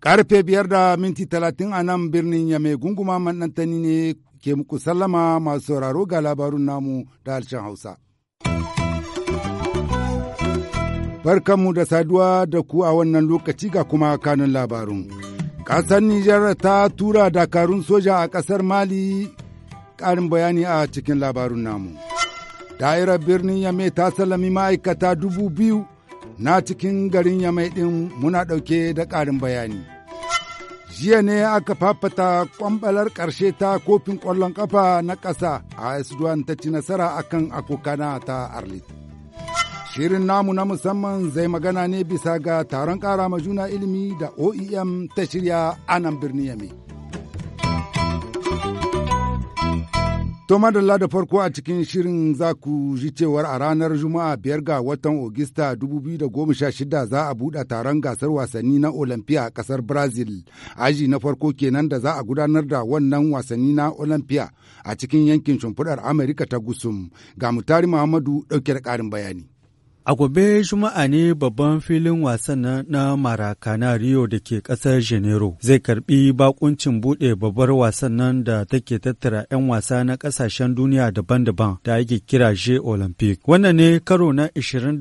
Karfe biyar da minti talatin a nan birnin Yame gunguma maɗantani ne ke muku sallama masu sauraro ga labarun namu da harshen Hausa. Barkanmu da saduwa da ku a wannan lokaci ga kuma kanun labarun. Ƙasar Nijar ta tura dakarun soja a ƙasar Mali ƙarin bayani a cikin labarun namu. Da'irar birnin Yame ta salami ma'aikata dubu biyu na cikin garin Yame ɗin muna ɗauke da ƙarin bayani. Jiya ne aka fafata kwambalar ƙarshe ta kofin ƙwallon ƙafa na ƙasa a Esduan ta ci nasara akan akokana ta Arlit. Shirin namu na musamman zai magana ne bisa ga taron ƙara ma juna ilimi da OEM ta shirya anan nan birnin Yame. To madalla da farko a cikin shirin za ku ji cewar a ranar Juma'a biyar ga watan Ogista 2016 za a buɗe taron gasar wasanni na Olamfiya a ƙasar Brazil. Aji na farko kenan da za a gudanar da wannan wasanni na Olamfiya a cikin yankin shimfiɗar Amerika ta Gusum. Ga Mutari Muhammadu ɗauke da ƙarin bayani. A gobe Juma'a ne babban filin wasan na Maracana Rio da ke ƙasar Janeiro zai karbi bakuncin buɗe babbar wasan nan da take tattara 'yan wasa na ƙasashen duniya daban-daban da ake kira je Olympic. Wannan ne karo na 28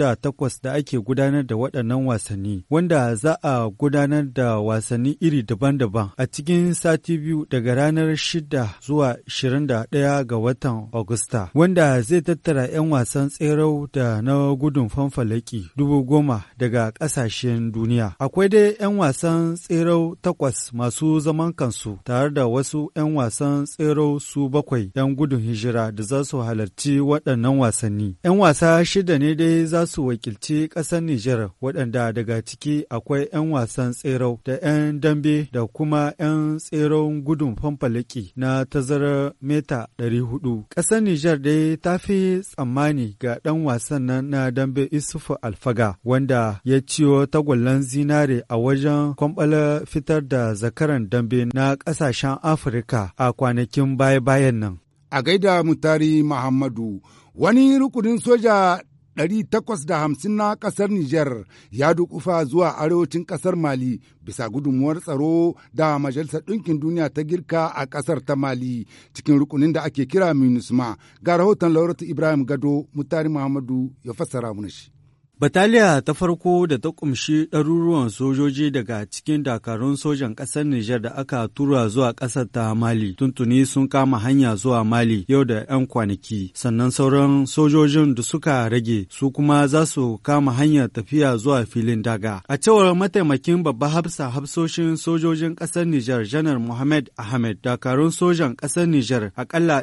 da ake gudanar da waɗannan wasanni, wanda za a gudanar da wasanni iri daban-daban a cikin sati biyu daga ranar 6 zuwa 21 ga watan Agusta, wanda zai tattara 'yan wasan tsero da na gudun fanfalaki dubu goma daga ƙasashen duniya. Akwai dai 'yan wasan tsero takwas masu zaman kansu tare da wasu 'yan wasan tsero su bakwai 'yan gudun hijira da za su halarci waɗannan wasanni. 'Yan wasa shida ne dai za su wakilci ƙasar Nijar waɗanda daga ciki akwai 'yan wasan tsero da 'yan dambe da kuma 'yan tseron gudun fanfalaki na tazarar mita 400. Ƙasar Nijar dai ta fi tsammani ga ɗan wasan nan na dambe da Isufu Alfaga wanda ya ciyo tagwallon zinare a wajen kwamɓala fitar da zakaran dambe na ƙasashen Afirka a kwanakin baya-bayan nan. A gaida Mutari Muhammadu, wani rukunin soja takwas da hamsin na ƙasar Nijar ya dukufa zuwa arewacin ƙasar Mali bisa gudunmuwar tsaro da Majalisar Ɗinkin Duniya ta girka a ƙasar ta Mali cikin rukunin da ake kira Minisma Ga rahoton Lauratu Ibrahim Gado, Mutari Muhammadu ya fassara mana shi. Bataliya ta farko da ta kumshi ɗaruruwan sojoji daga cikin dakarun sojan ƙasar Nijar da aka tura zuwa ƙasar ta Mali tuntuni sun kama hanya zuwa Mali yau da 'yan kwanaki, sannan sauran sojojin da suka rage su kuma za su kama hanyar tafiya zuwa filin daga. A cewar mataimakin Babba hafsa hafsoshin sojojin ƙasar Nijar Janar Mohamed Ahmed dakarun sojan ƙasar Nijar akalla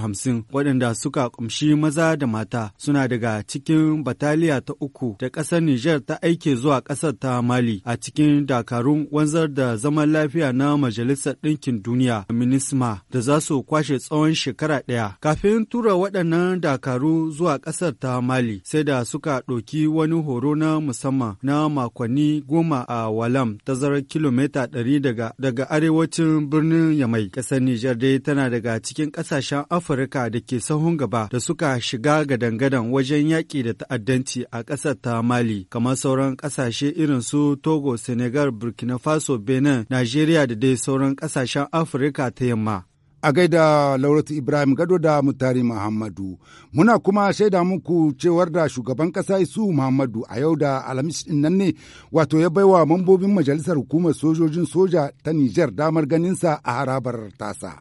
hamsin, waɗanda suka kumshi maza da mata suna daga cikin bataliya ta uku da ƙasar Nijar ta aike zuwa ƙasar ta Mali a cikin dakarun wanzar da zaman lafiya na Majalisar Ɗinkin Duniya MINISMA da za su kwashe tsawon shekara ɗaya. Kafin tura waɗannan dakaru zuwa ƙasar ta Mali sai da suka ɗauki wani horo na musamman na makonni goma a Walam tazarar kilomita ɗari daga, daga arewacin birnin Yamai. Ƙasar Nijar dai tana daga cikin ƙasashen Afirka da ke sahun gaba da suka shiga gadangadan wajen yaƙi da ta'addanci a ƙasar ta Mali, kamar sauran ƙasashe irin su Togo, Senegal, Burkina Faso, Benin, Najeriya da dai sauran ƙasashen Afirka ta yamma. a gaida lauratu ibrahim gado da mutari muhammadu muna kuma shaida muku cewar da shugaban ƙasa isu muhammadu a yau da alhamis nan ne wato ya baiwa mambobin majalisar hukumar sojojin soja ta nijar damar ganinsa a harabar tasa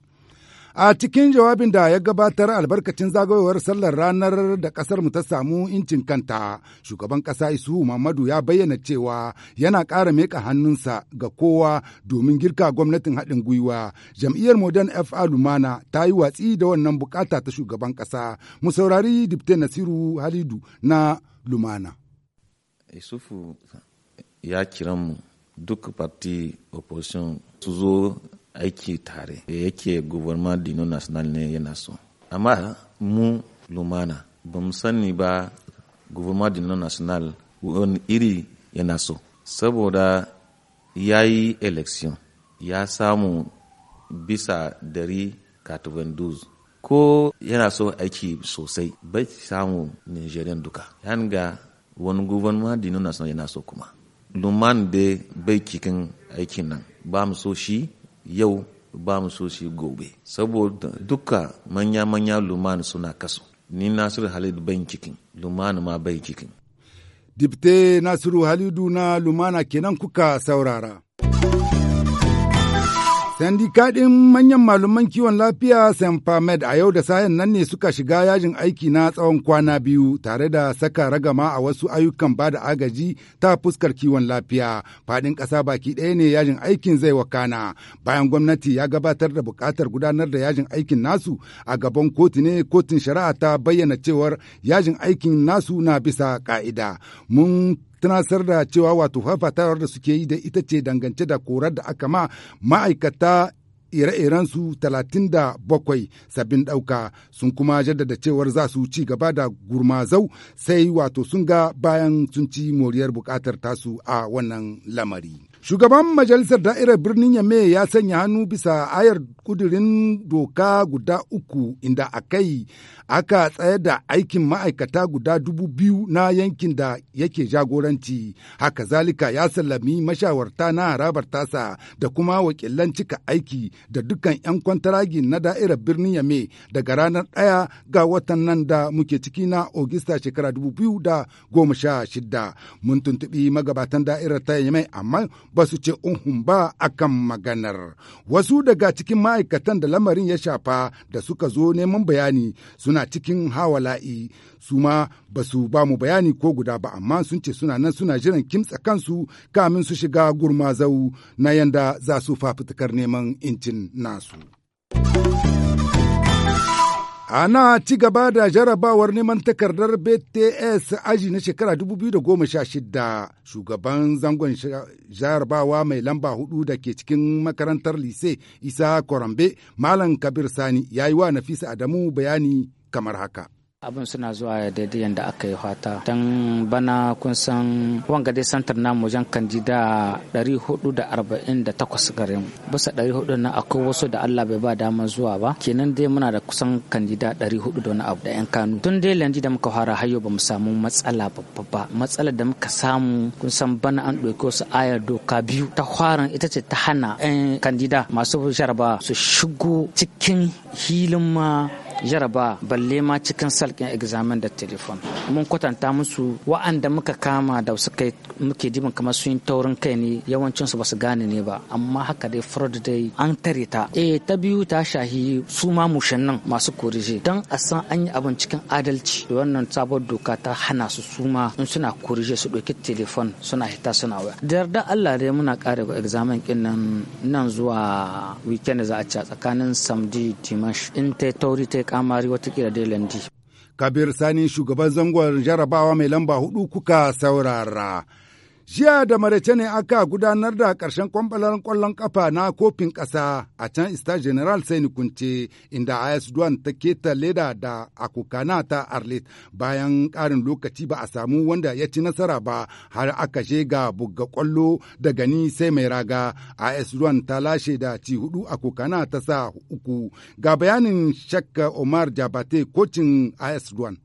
A cikin jawabin da ya gabatar albarkacin zagayowar sallar ranar da ƙasar mu ta samu incin kanta, shugaban ƙasa Isu Muhammadu ya bayyana cewa yana ƙara meka hannunsa ga kowa domin girka gwamnatin haɗin gwiwa. Jam'iyyar Modern FA Lumana ta yi watsi da wannan bukata ta shugaban ƙasa. Mu saurari Dipte Nasiru Halidu na Lumana. Isufu ya kiran mu duk parti opposition su zo aiki tare yake gouvernement dino national ne yana so amma mu lumana ba mu sani ba gouvernement dino national wani iri yana so saboda ya yi election ya samu bisa dari katubanduz ko yana so aiki sosai bai samu nigerian duka yanga wani gouvernement dino national yana so kuma luman da bai cikin aikin nan ba mu so shi yau ba mu so shi gobe saboda duka manya-manya lumani suna kaso ni nasiru halidu bai cikin lumani ma bai cikin. dipte nasiru halidu na lumana kenan kuka saurara sandy kaɗin manyan malaman kiwon lafiya Senfamed a yau da sayan nan ne suka shiga yajin aiki na tsawon kwana biyu tare da saka ragama a wasu ayyukan ba da agaji ta fuskar kiwon lafiya. Faɗin ƙasa baki ɗaya ne yajin aikin zai wakana. Bayan gwamnati ya gabatar da buƙatar gudanar da yajin aikin nasu a gaban kotu ne kotun shari'a ta bayyana cewar yajin aikin nasu na bisa ƙa'ida. Mun tunasar da cewa wato fafatawar da suke yi da ita ce dangance da korar da aka ma ma'aikata ire-iren su bakwai sabbin ɗauka sun kuma jaddada cewar za su ci gaba da gurmazau sai wato sun ga bayan sun ci moriyar buƙatar tasu a wannan lamari. Shugaban Majalisar Da'irar Birnin Yame ya sanya hannu bisa ayar kudirin doka guda uku inda akai aka tsayar da aikin ma'aikata guda dubu biyu na yankin da yake jagoranci. Haka zalika ya sallami mashawarta na harabar tasa da kuma wakilan cika aiki da dukkan 'yan kwantaragi na da'irar birnin Yame daga ranar ɗaya ga watan nan da muke ciki na Ogista shekara dubu biyu da goma sha shida. Mun tuntuɓi magabatan da'irar ta Yame amma ba su ce unhun ba akan maganar. Wasu daga cikin ma'aikatan da lamarin ya shafa da suka zo neman bayani suna cikin hawala'i su ma ba su ba mu bayani ko guda ba amma sun ce suna nan suna jiran kimtsa kansu kamin su shiga gurmazau na yanda za su fafutukar neman incin nasu. Ana ci gaba da jarabawar neman takardar BTS aji na shekara 2016 shugaban zangon jarabawa mai lamba hudu da ke cikin makarantar lise Isa Kwarambe, Malam Kabir Sani ya yi wa Nafisa Adamu bayani kamar haka. abin suna zuwa daidai yadda aka yi fata don bana kun san wanga dai santar namu jan kandida 448 garin, bisa 400 na akwai wasu da allah bai ba daman zuwa ba kenan dai muna da kusan kandida 400 da wani abu da yan kanu tun dai lanji da muka fara hayo ba mu samu matsala babba ba matsalar da muka samu kun san bana an ɗauki wasu ayar doka biyu ta farin ita ce ta hana yan kandida masu jaraba su shigo cikin hilin jaraba balle ma cikin salkin examen da telefon mun kwatanta musu wa'anda muka kama da su kai muke dibin kamar sun taurin kai ne yawancin su basu gane ne ba amma haka dai fraud dai an tare ta eh ta biyu ta shahi su ma nan masu kurije dan a san an yi abin cikin adalci wannan sabon doka ta hana su su ma in suna kurije su ɗauki telefon suna hita suna waya da yarda Allah dai muna kare examen kin nan zuwa weekend za a ci tsakanin samdi dimash in ta tauri ta kamari watakila da lantarki. Kabir Sani shugaban zangon jarabawa mai lamba hudu kuka saurara. Jiya da maraice ne aka gudanar da ƙarshen kwambalar ƙwallon ƙafa na kofin ƙasa a can Ista General Saini Kunce inda AS Duan ta keta leda da akukana ta Arlit bayan ƙarin lokaci ba a samu wanda ya ci nasara ba har aka ga buga ƙwallo da gani sai mai raga AS Duan ta lashe da ci hudu akukana ta sa uku ga bayanin shakka Omar Jabate kocin AS Duan.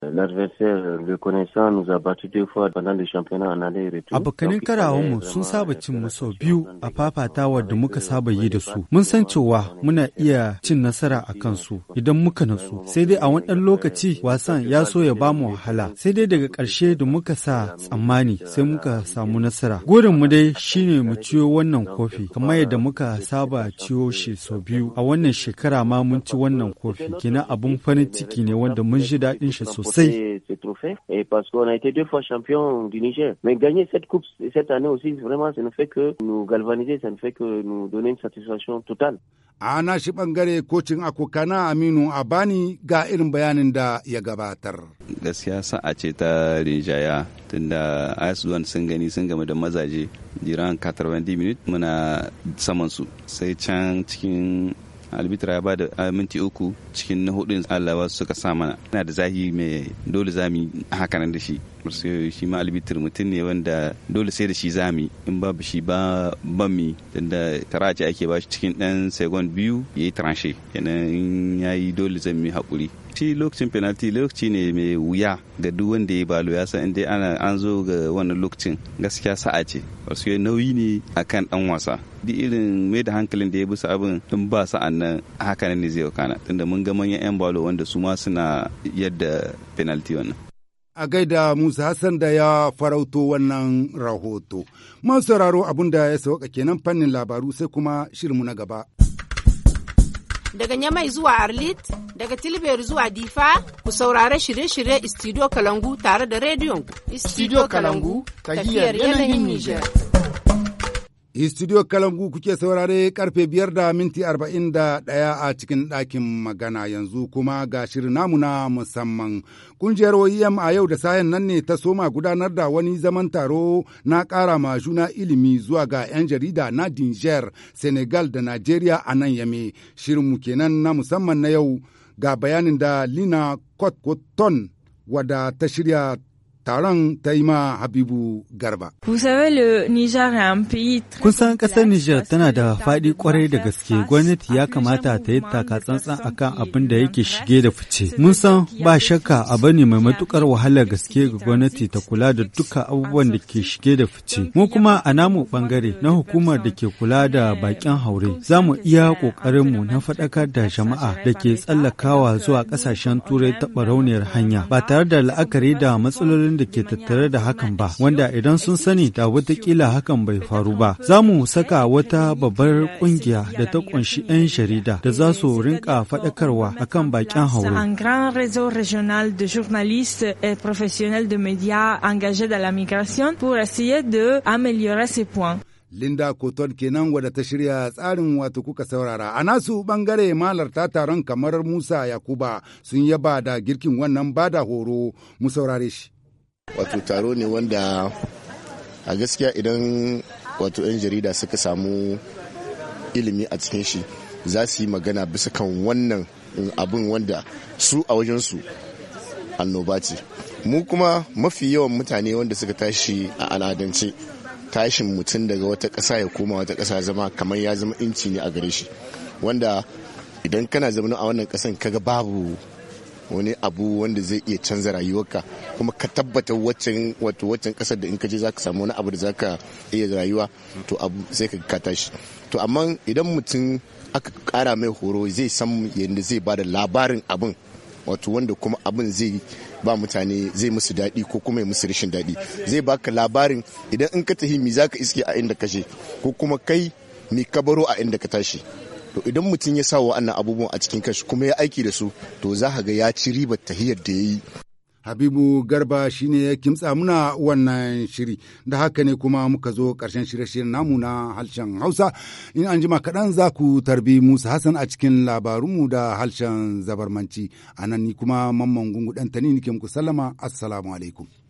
L'adversaire, le connaissant, nous a battu deux fois pendant le championnat en aller et retour. Abokanin karawanmu sun saba cin mu sau biyu a fafatawar da muka saba yi da su. Mun san cewa muna iya cin nasara a kansu idan muka nasu. Sai dai a wani ɗan lokaci wasan ya so ya bamu wahala. Sai dai daga ƙarshe da muka sa tsammani sai muka samu nasara. Gurin mu dai shine mu ciyo wannan kofi kamar yadda muka saba ciyo shi sau biyu. A wannan shekara ma mun ci wannan kofi. Kina abun farin ciki ne wanda mun ji daɗin shi sosai. C'est ce trophée et parce qu'on a été deux fois champion du Niger. Mais gagner cette coupe cette année aussi, vraiment, ça ne fait que nous galvaniser, ça ne fait que nous donner une satisfaction totale. A ana shi bangare kocin akokana Aminu Abani ga irin bayanin da ya gabatar. Gaskiya sa'a ce ta rinjaya tunda as sun gani sun game da mazaje jiran 90 minutes muna saman su sai can cikin albitra ya bada minti uku cikin na hudun allawa suka sa mana yana da zahi mai dole zami nan da shi kursiyo shi ma albitir mutum ne wanda dole sai da shi zami in babu shi ba bami don da karaci ake ba shi cikin dan segon biyu ya yi tranche kenan ya yi dole zan mi haƙuri shi lokacin penalty lokaci ne mai wuya ga duk wanda ya balo ya san inda ana an zo ga wannan lokacin gaskiya sa'a ce wasu nauyi ne kan dan wasa di irin mai da hankalin da ya bisa abin tun ba sa'an nan haka ne zai wakana tunda mun ga manyan yan balo wanda su ma suna yadda penalty wannan a gaida Musa Hassan da ya farauto wannan rahoto. Masu sauraro abin da ya sauka kenan fannin labaru sai kuma shirinmu na gaba. Daga Nyamai zuwa Arlit, daga Tilber zuwa Difa, ku saurare shirye-shirye Istidio Kalangu tare da rediyon Istidio Kalangu, tafiyar yanayin Nijar. Studio Kalangu kuke saurare karfe biyar da minti arba'in da ɗaya a cikin ɗakin magana yanzu kuma ga shirin namu na musamman. Kungiyar OEM a yau da sayan nan ne ta soma gudanar da wani zaman taro na kara ma juna ilimi zuwa ga 'yan jarida na Niger, Senegal da Najeriya a nan yame. mu kenan na musamman na yau ga bayanin da Lina Kotkoton wada ta shirya taron ta yi ma Habibu Garba. Kusan ƙasar Nijar tana da faɗi kwarai da gaske gwamnati ya kamata ta yi taka tsantsan akan abin da yake shige da fice. Mun san ba shakka a bane mai matukar wahalar gaske ga gwamnati ta kula da duka abubuwan da ke shige da fice. Mu kuma a namu bangare na hukumar da ke kula da bakin haure za mu iya mu na faɗakar da jama'a da ke tsallakawa zuwa ƙasashen turai ta barauniyar hanya ba tare da la'akari da matsalolin da ke tattare da hakan ba, wanda idan sun sani da watakila hakan bai faru ba. Za mu saka wata babbar kungiya da ta ƙunshi 'yan jarida da za su rinka faɗakarwa akan bakin haure. Linda Coton kenan wadda ta shirya tsarin wato kuka saurara. A nasu bangare ta taron kamar Musa Yakuba sun yaba da girkin wannan bada horo mu saurare shi. wato taro ne wanda a gaskiya idan wato 'yan jarida suka samu ilimi a cikin shi za su yi magana bisa kan wannan abin wanda su a wajensu annoba ce mu kuma mafi yawan mutane wanda suka tashi a al'adance tashin mutum daga wata ƙasa ya koma wata ƙasa zama kamar ya zama inci ne a gare shi wanda idan kana zaune a wannan ƙasan kaga babu wani abu wanda zai iya canza rayuwarka kuma ka tabbata waccan kasar da in ka je ka samu wani abu da za ka iya rayuwa to abu sai ka kata shi to amma idan mutum aka kara mai horo zai san yadda zai bada labarin abin wato wanda kuma abin zai ba mutane zai musu daɗi ko kuma musu rashin daɗi zai baka labarin idan in ka tahi mi ka iske a inda kashe ko kuma kai mi kabaro a inda ka tashi to idan mutum ya sa wa'annan abubuwan a cikin kashi kuma ya aiki da su to za ka ga ya ci ribar tahiyar da ya yi Habibu Garba shine ya kimtsa muna wannan shiri da haka ne kuma muka zo karshen shirye-shiryen namu na harshen Hausa in an jima kaɗan za ku tarbi Musa Hassan a cikin labarunmu da harshen zabarmanci a nan ni kuma mamman gungu ɗan tani nike muku sallama assalamu alaikum.